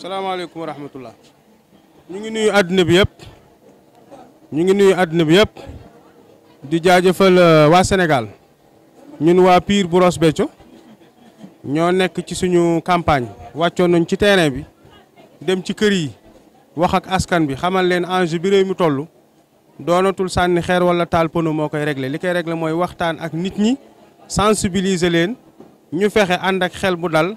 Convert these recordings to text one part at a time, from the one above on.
salaamaaleykum wa rahmatullah ñu ngi nuyu àdduna bi yëpp ñu ngi nuyu àdduna bi yëpp di jaajëfal euh, waa Sénégal ñun waa piir bu Ross ñoo nekk ci suñu campagne wàccoon nañ ci terrain bi dem ci kër yi wax ak askan bi xamal leen enjeu bi réew mi toll doonatul sànni xeer wala taal pono moo koy régler li koy régler mooy waxtaan ak nit ñi sensibiliser leen ñu fexe ànd ak xel bu dal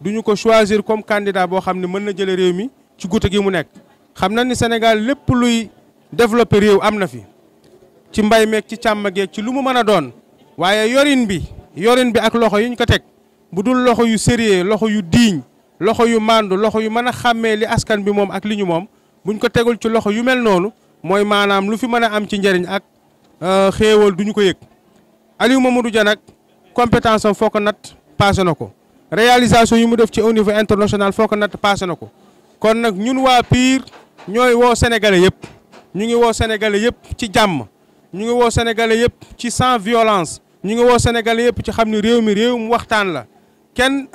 duñu ko choisir comme candidat boo xam ne mën na jëlee réew mi ci guute gi mu nekk. xam na ni Sénégal lépp luy développé réew am na fi ci mbay meek ci càmm geeg ci lu mu mën a doon waaye yorin bi yorin bi ak loxo yi ñu ko teg bu dul loxo yu sérieux loxo yu diiñ loxo yu màndu loxo yu mën a xàmmee li askan bi moom ak li ñu moom buñ ko tegul ci loxo yu mel noonu mooy maanaam lu fi mën a am ci njariñ ak euh, xéewal duñu ko yëg Aliou Mamadou Dia nag compétence am foo ko na ko. réalisation yi mu def ci au niveau international nous nat passé nako kon nak ñun wa Pire ñoy wo sénégalais yépp ñu ngi sénégalais yépp ci jamm ñu ngi sénégalais nous ci sans violence ñu ngi wo sénégalais yépp ci xamni réew mi réew mu waxtaan la kenn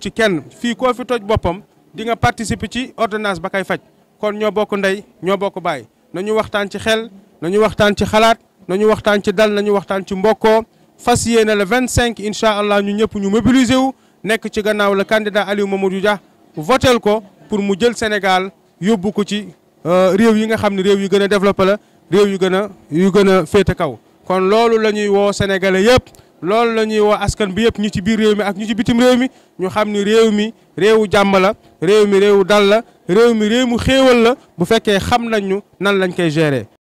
ci kenn fi ko fi toj bopam di nga participer ci ordonnance bakay Nous kon ño bokk ndey ño bokk bay nañu waxtaan ci xel nañu waxtaan ci xalaat nañu waxtaan ci dal nañu waxtaan ci Nous fas yéene le 25 les allah ñu ñëpp ñu mobiliser nekk ci gannaaw la candidat Aliou Mamadou Dia votel ko pour mu jël Sénégal yóbbu ko ci euh, réew yi nga xam ne réew yi gën a développé la réew yu gën a yu gën a féete kaw kon loolu la ñuy woo sénégalais yëpp loolu la ñuy woo askan bi yëpp ñu ci biir réew mi ak ñu ci bitim réew mi ñu xam ni réew mi réewu jàmm la réew mi réew dal la réew mi réew mu xéewal la bu fekkee xam nañ ñu nan lañ koy gérer